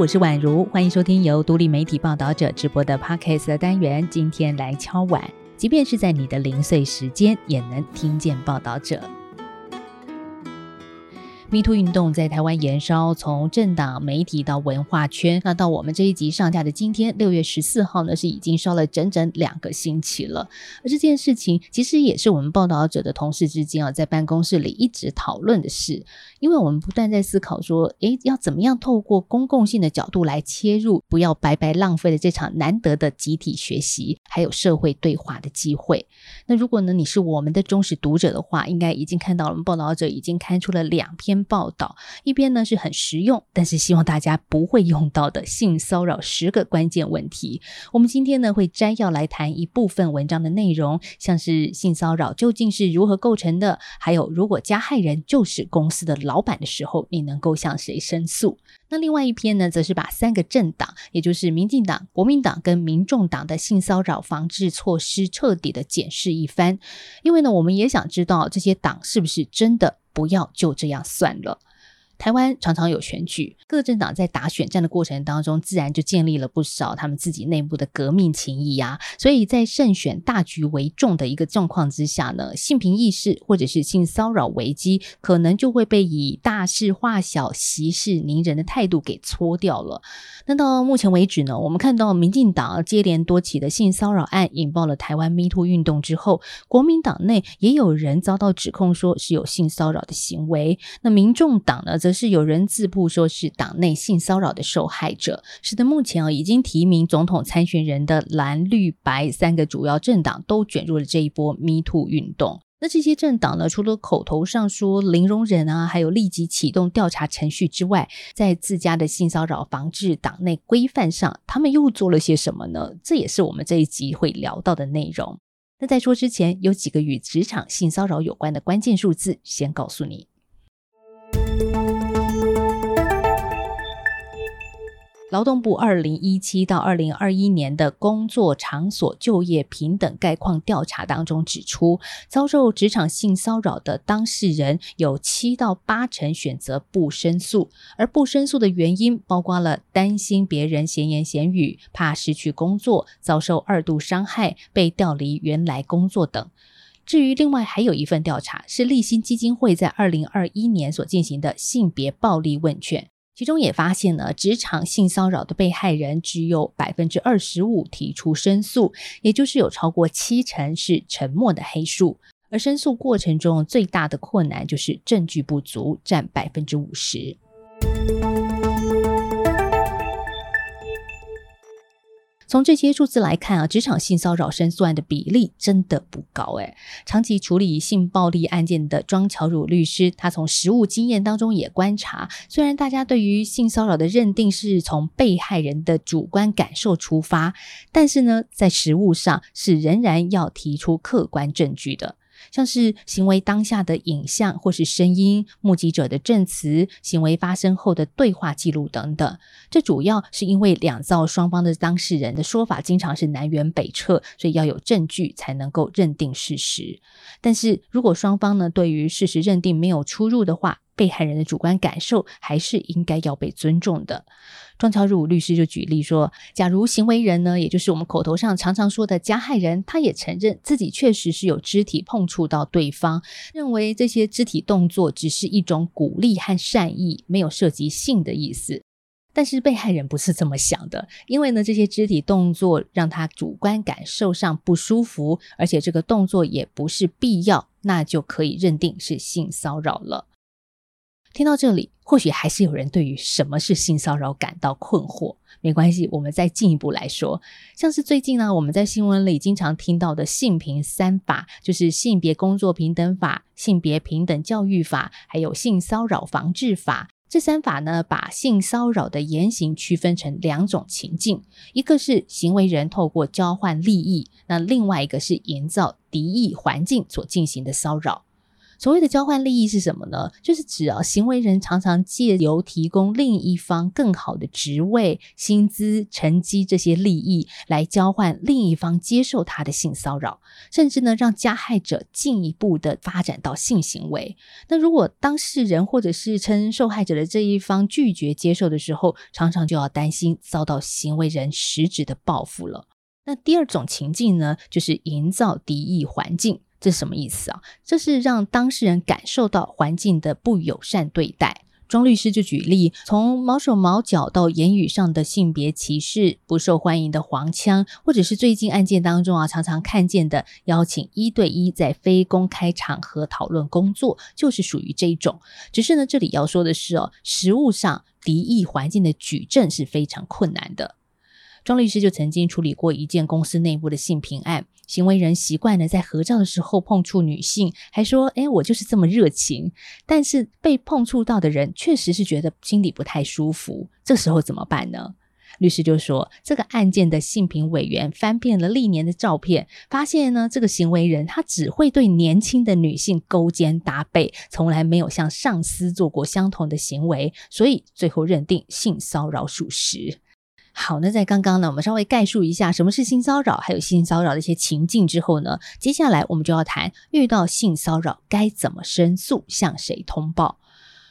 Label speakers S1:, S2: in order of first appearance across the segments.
S1: 我是婉如，歡迎收聽由獨立媒體報導者直播的 Podcast 的單元。今天來敲婉，即便是在你的零碎時間，也能聽見報導者。Me too 運動在台灣延燒，從政黨、媒體到文化圈，那到我們這一集上架的今天，六月十四號呢，是已經燒了整整兩個星期了。而這件事情其實也是我們報道者的同事之間啊，在辦公室裡一直討論的事，因為我們不斷在思考說，誒、欸，要怎麼樣透過公共性的角度來切入，不要白白浪費了這場難得的集體學習還有社會對話的機會。那如果呢，你是我們的忠實讀者的話，應該已經看到了，我們報道者已經刊出了兩篇。報導，一篇呢是很實用，但是希望大家不會用到的性騷擾十個關鍵問題。我們今天呢會摘要來談一部分文章的內容，像是性騷擾究竟是如何構成的，還有如果加害人就是公司的老闆的時候，你能夠向誰申訴？那另外一篇呢，則是把三個政黨，也就是民進黨、國民黨跟民眾黨的性騷擾防治措施徹底的檢視一番，因為呢，我們也想知道這些黨是不是真的。不要就這樣算了。台灣常常有選舉，各政黨在打選戰的過程當中，自然就建立了不少他們自己內部的革命情誼啊。所以在勝選大局為重的一個狀況之下呢，性平意識或者是性騷擾危機，可能就會被以大事化小、息事寧人的態度給搓掉了。那到目前為止呢，我們看到民進黨接連多起的性騷擾案引爆了台灣 MeToo 運動之後，國民黨內也有人遭到指控說是有性騷擾的行為。那民眾黨呢？在是有人自曝說是黨內性騷擾的受害者，使得目前啊、哦、已經提名總統參選人的藍綠白三個主要政黨都卷入了這一波 MeToo 運動。那這些政黨呢，除了口頭上說零容忍啊，還有立即啟動調查程序之外，在自家的性騷擾防治黨內規範上，他們又做了些什麼呢？這也是我們這一集會聊到的內容。那在說之前，有幾個與職場性騷擾有關的關鍵數字，先告訴你。勞動部二零一七到二零二一年的工作場所就業平等概況調查當中指出，遭受職場性騷擾的當事人有七到八成選擇不申訴，而不申訴的原因包括了擔心別人閒言閒語、怕失去工作、遭受二度傷害、被調離原來工作等。至於另外還有一份調查是勵馨基金會在二零二一年所進行的性別暴力問卷。其中也發現呢，職場性騷擾的被害人只有百分之二十五提出申訴，也就是有超過七成是沉默的黑數。而申訴過程中最大的困難就是證據不足，占百分之五十。從這些數字來看啊，職場性騷擾申訴案的比例真的不高誒。長期處理性暴力案件的莊喬汝律師，他從實務經驗當中也觀察，雖然大家對於性騷擾的認定是從被害人的主觀感受出發，但是呢，在實務上是仍然要提出客觀證據的。像是行為當下的影像或是聲音、目擊者的證詞、行為發生後的對話記錄等等。這主要是因為兩造雙方的當事人的說法經常是南轅北轍，所以要有證據才能夠認定事實。但是如果雙方呢，對於事實認定沒有出入的話，被害人的主觀感受還是應該要被尊重的。莊喬汝律師就舉例說，假如行為人呢，也就是我們口頭上常常說的加害人，他也承認自己確實是有肢體碰觸到對方，認為這些肢體動作只是一種鼓勵和善意，沒有涉及性的意思。但是被害人不是這麼想的，因為呢，這些肢體動作讓他主觀感受上不舒服，而且這個動作也不是必要，那就可以認定是性騷擾了。聽到這裡，或許還是有人對於什麼是性騷擾感到困惑。沒關係，我們再進一步來說，像是最近呢、啊，我們在新聞裡經常聽到的性平三法，就是性別工作平等法、性別平等教育法，還有性騷擾防治法。這三法呢，把性騷擾的言行區分成兩種情境：一個是行為人透過交換利益，那另外一個是營造敵意環境所進行的騷擾。所謂的交換利益是什麼呢？就是指啊，行為人常常借由提供另一方更好的職位、薪資、成績這些利益，來交換另一方接受他的性騷擾，甚至呢，讓加害者進一步的發展到性行為。那如果當事人或者是稱受害者的這一方拒絕接受的時候，常常就要擔心遭到行為人實質的報復了。那第二種情境呢，就是營造敵意環境。這什麼意思啊？這是讓當事人感受到環境的不友善對待。莊律師就舉例，從毛手毛腳到言語上的性別歧視，不受歡迎的黃腔，或者是最近案件當中啊常常看見的邀請一對一在非公開場合討論工作，就是屬於這一種。只是呢，這裡要說的是哦，實務上敵意環境的舉證是非常困難的。莊律師就曾經處理過一件公司內部的性平案。行為人習慣了在合照的時候碰觸女性，還說：“哎，我就是這麼熱情。”但是被碰觸到的人確實是覺得心裡不太舒服。這時候怎麼辦呢？律師就說：“這個案件的性平委員翻遍了歷年的照片，發現呢，這個行為人他只會對年輕的女性勾肩搭背，從來沒有向上司做過相同的行為，所以最後認定性騷擾屬實。”好，那在剛剛呢，我們稍微概述一下什麼是性騷擾，還有性騷擾的一些情境之後呢，接下來我們就要談遇到性騷擾該怎麼申訴，向誰通報。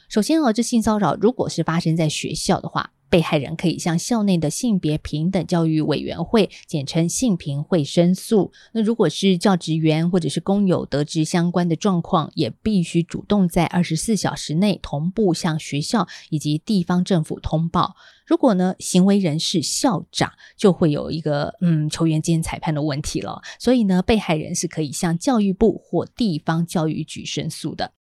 S1: 首先呢，這性騷擾如果是發生在學校的話，被害人可以向校內的性別平等教育委員會（簡稱性平會）申訴。那如果是教職員或者是工友得知相關的狀況，也必須主動在二十四小時內同步向學校以及地方政府通報。如果呢，行為人是校長，就會有一個嗯球員兼裁判的問題了。所以呢，被害人是可以向教育部或地方教育局申訴的。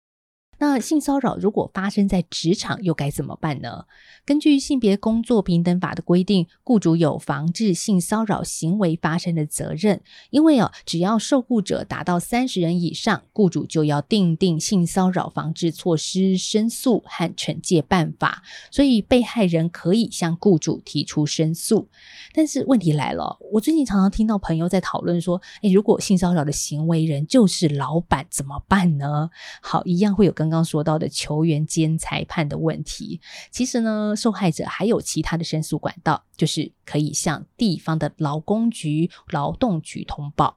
S1: 那性騷擾如果發生在職場，又該怎麼辦呢？根據性別工作平等法的規定，雇主有防治性騷擾行為發生的責任。因為哦，只要受雇者達到三十人以上，雇主就要訂定性騷擾防治措施、申訴和懲戒辦法。所以被害人可以向雇主提出申訴。但是問題來了，我最近常常聽到朋友在討論說：“哎，如果性騷擾的行為人就是老闆，怎麼辦呢？”好，一樣會有跟。剛剛說到的球員兼裁判的問題，其實呢，受害者還有其他的申訴管道，就是可以向地方的勞工局、勞動局通報。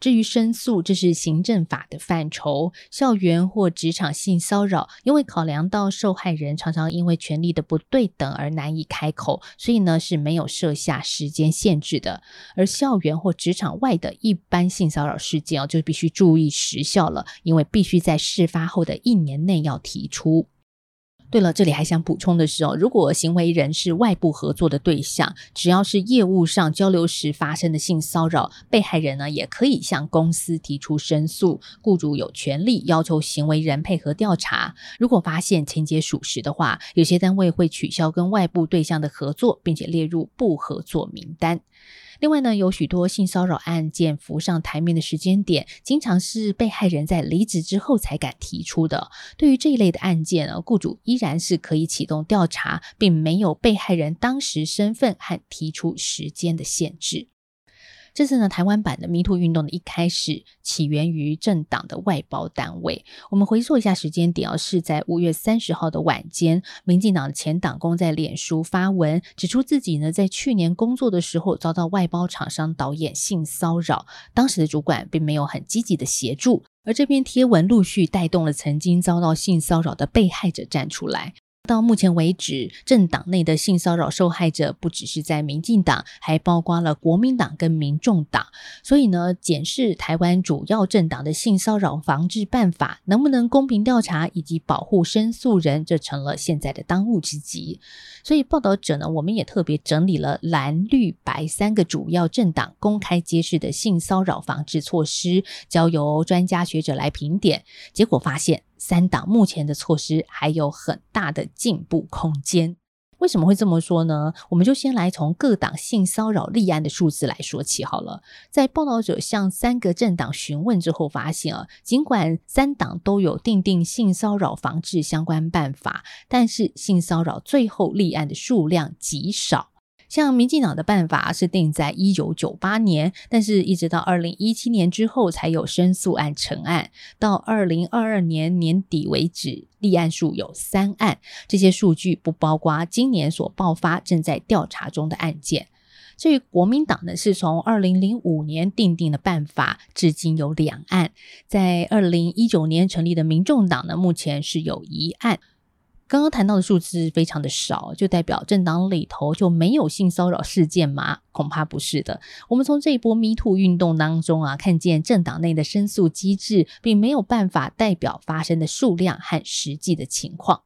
S1: 至於申訴，這是行政法的範疇。校園或職場性騷擾，因為考量到受害人常常因為權力的不對等而難以開口，所以呢是沒有設下時間限制的。而校園或職場外的一般性騷擾事件哦、啊，就必須注意時效了，因為必須在事發後的一年內要提出。對了，這裡還想補充的是哦，如果行為人是外部合作的對象，只要是業務上交流時發生的性騷擾，被害人呢也可以向公司提出申訴。雇主有權利要求行為人配合調查。如果發現情節屬實的話，有些單位會取消跟外部對象的合作，並且列入不合作名單。另外呢，有許多性騷擾案件浮上台面的時間點，經常是被害人在離職之後才敢提出的。對於這一類的案件呢，雇主依然是可以啟動調查，並沒有被害人當時身份和提出時間的限制。這次呢，台灣版的 MeToo 運動的一開始起源於政黨的外包單位。我們回溯一下時間點，是在五月三十號的晚間，民進黨的前黨工在臉書發文，指出自己呢在去年工作的時候遭到外包廠商導演性騷擾，當時的主管並沒有很積極的協助，而這篇貼文陸續帶動了曾經遭到性騷擾的被害者站出來。到目前為止，政黨內的性騷擾受害者不只是在民進黨，還包括了國民黨跟民眾黨。所以呢，檢視台灣主要政黨的性騷擾防治辦法，能不能公平調查以及保護申訴人，這成了現在的當務之急。所以，報導者呢，我們也特別整理了藍綠白三個主要政黨公開揭示的性騷擾防治措施，交由專家學者來評點，結果發現。三黨目前的措施還有很大的進步空間。為什麼會這麼說呢？我們就先來從各黨性騷擾立案的數字來說起好了。在報道者向三個政黨詢問之後，發現啊，儘管三黨都有訂定性騷擾防治相關辦法，但是性騷擾最後立案的數量極少。像民進黨的辦法是定在一九九八年，但是一直到二零一七年之後才有申訴案成案，到二零二二年年底為止，立案數有三案。這些數據不包括今年所爆發正在調查中的案件。至於國民黨呢，是從二零零五年訂定的辦法，至今有兩案。在二零一九年成立的民眾黨呢，目前是有一案。剛剛談到的數字非常的少，就代表政黨裡頭就沒有性騷擾事件嗎？恐怕不是的。我們從這一波 Me Too 運動當中啊，看見政黨內的申訴機制，並沒有辦法代表發生的數量和實際的情況。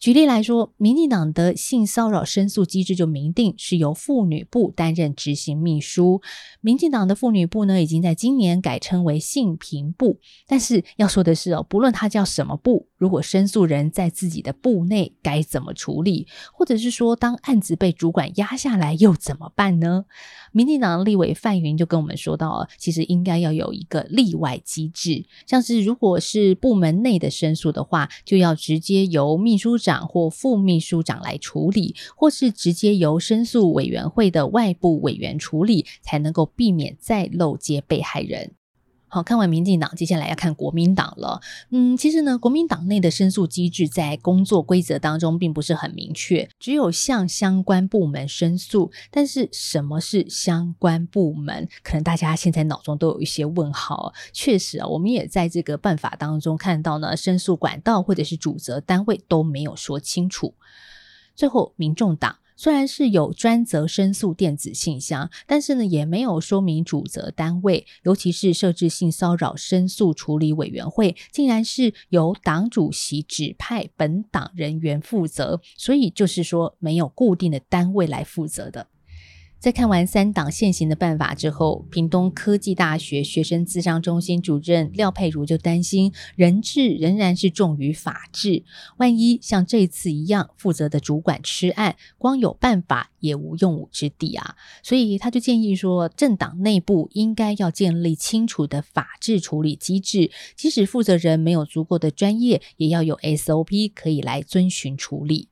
S1: 舉例來說，民進黨的性騷擾申訴機制就明定是由婦女部擔任執行秘書。民進黨的婦女部呢，已經在今年改稱為性平部。但是要說的是哦，不論它叫什麼部，如果申訴人在自己的部內該怎麼處理，或者是說當案子被主管壓下來又怎麼辦呢？民進黨的立委范雲就跟我們說到了，其實應該要有一個例外機制，像是如果是部門內的申訴的話，就要直接由秘書。長或副秘書長來處理，或是直接由申訴委員會的外部委員處理，才能夠避免再漏接被害人。好，看完民進黨，接下來要看國民黨了。嗯，其實呢，國民黨內的申訴機制在工作規則當中並不是很明確，只有向相關部門申訴。但是什麼是相關部門？可能大家現在腦中都有一些問號。確實啊，我們也在這個辦法當中看到呢，申訴管道或者是主責單位都沒有說清楚。最後，民眾黨。雖然是有專責申訴電子信箱，但是呢，也沒有說明主責單位，尤其是設置性騷擾申訴處理委員會，竟然是由黨主席指派本黨人員負責，所以就是說沒有固定的單位來負責的。在看完三黨現行的辦法之後，屏東科技大學學生諮商中心主任廖佩茹就擔心人治仍然是重於法治，萬一像這次一樣負責的主管吃案，光有辦法也無用武之地啊。所以他就建議說，政黨內部應該要建立清楚的法治處理機制，即使負責人沒有足夠的專業，也要有 SOP 可以來遵循處理。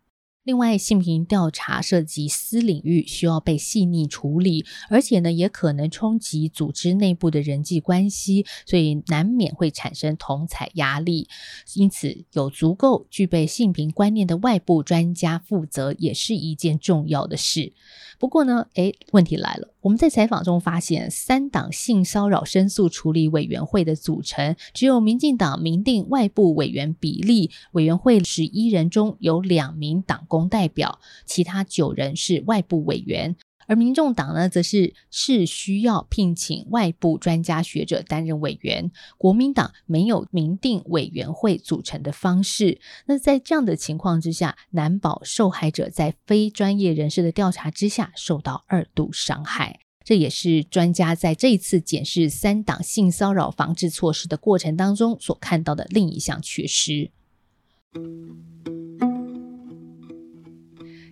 S1: 另外，性平調、調查涉及私領域，需要被細膩處理，而且呢，也可能衝擊組織內部的人際關係，所以難免會產生同儕壓力。因此，有足夠具備性平觀念的外部專家負責，也是一件重要的事。不過呢，誒，問題來了。我們在採訪中發現，三黨性騷擾申訴處理委員會的組成，只有民進黨明定外部委員比例，委員會十一人中有兩名黨工代表，其他九人是外部委員。而民眾黨呢，則是是需要聘請外部專家學者擔任委員；國民黨沒有明定委員會組成的方式。那在這樣的情況之下，難保受害者在非專業人士的調查之下受到二度傷害。這也是專家在這次檢視三黨性騷擾防治措施的過程當中所看到的另一項缺失。嗯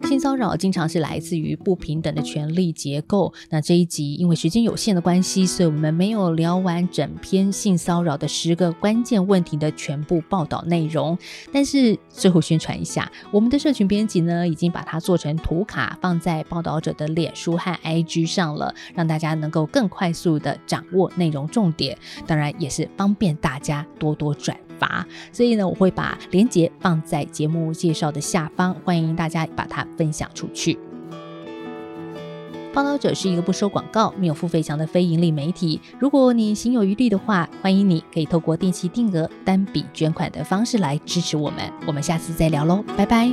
S1: 性騷擾經常是來自於不平等的權力結構。那這一集因為時間有限的關係，所以我們沒有聊完整篇性騷擾的十個關鍵問題的全部報道內容。但是最後宣傳一下，我們的社群編輯呢已經把它做成圖卡放在報道者的臉書和 IG 上了，讓大家能夠更快速地掌握內容重點。當然也是方便大家多多轉。所以呢，我會把鏈接放在節目介紹的下方，歡迎大家把它分享出去。報道者是一個不收廣告、沒有付費牆的非盈利媒體。如果你心有餘力的話，歡迎你可以透過定期定額、單筆捐款的方式來支持我們。我們下次再聊嘍，拜拜。